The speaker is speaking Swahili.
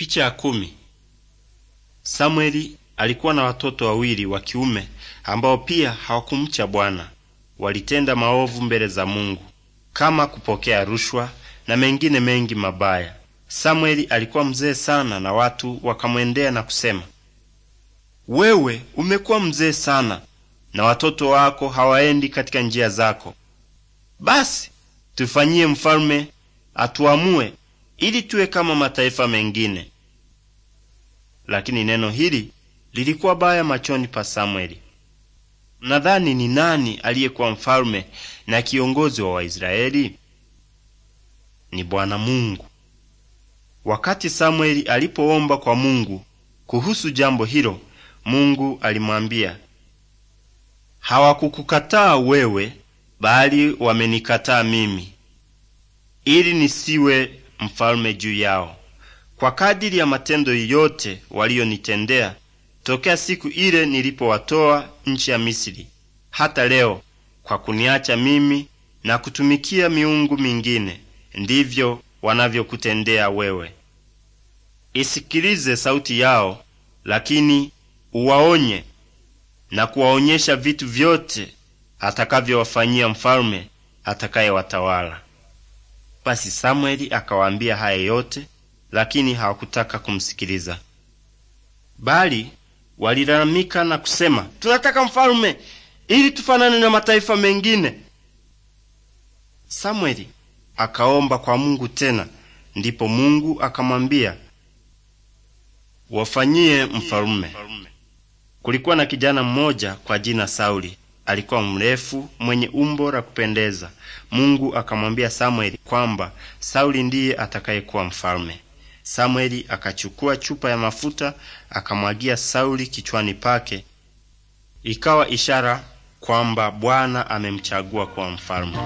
Picha ya kumi. Samueli alikuwa na watoto wawili wa kiume ambao pia hawakumcha Bwana. Walitenda maovu mbele za Mungu, kama kupokea rushwa na mengine mengi mabaya. Samueli alikuwa mzee sana, na watu wakamwendea na kusema, wewe umekuwa mzee sana, na watoto wako hawaendi katika njia zako. Basi tufanyie mfalme atuamue ili tuwe kama mataifa mengine. Lakini neno hili lilikuwa baya machoni pa Samweli. Mnadhani ni nani aliyekuwa mfalme na kiongozi wa Waisraeli? Ni Bwana Mungu. Wakati Samweli alipoomba kwa Mungu kuhusu jambo hilo, Mungu alimwambia, hawakukukataa wewe, bali wamenikataa mimi, ili nisiwe mfalme juu yao kwa kadiri ya matendo yote waliyonitendea tokea siku ile nilipowatoa nchi ya Misri hata leo, kwa kuniacha mimi na kutumikia miungu mingine, ndivyo wanavyokutendea wewe. Isikilize sauti yao, lakini uwaonye na kuwaonyesha vitu vyote atakavyowafanyia mfalme atakayewatawala. Basi samueli akawaambia haya yote, lakini hawakutaka kumsikiliza, bali walilalamika na kusema, tunataka mfalume ili tufanane na mataifa mengine. samueli akaomba kwa Mungu tena, ndipo Mungu akamwambia wafanyie mfalume. Kulikuwa na kijana mmoja kwa jina Sauli alikuwa mrefu, mwenye umbo la kupendeza. Mungu akamwambia Samweli kwamba Sauli ndiye atakayekuwa mfalme. Samweli akachukua chupa ya mafuta akamwagia Sauli kichwani pake, ikawa ishara kwamba Bwana amemchagua kuwa mfalme.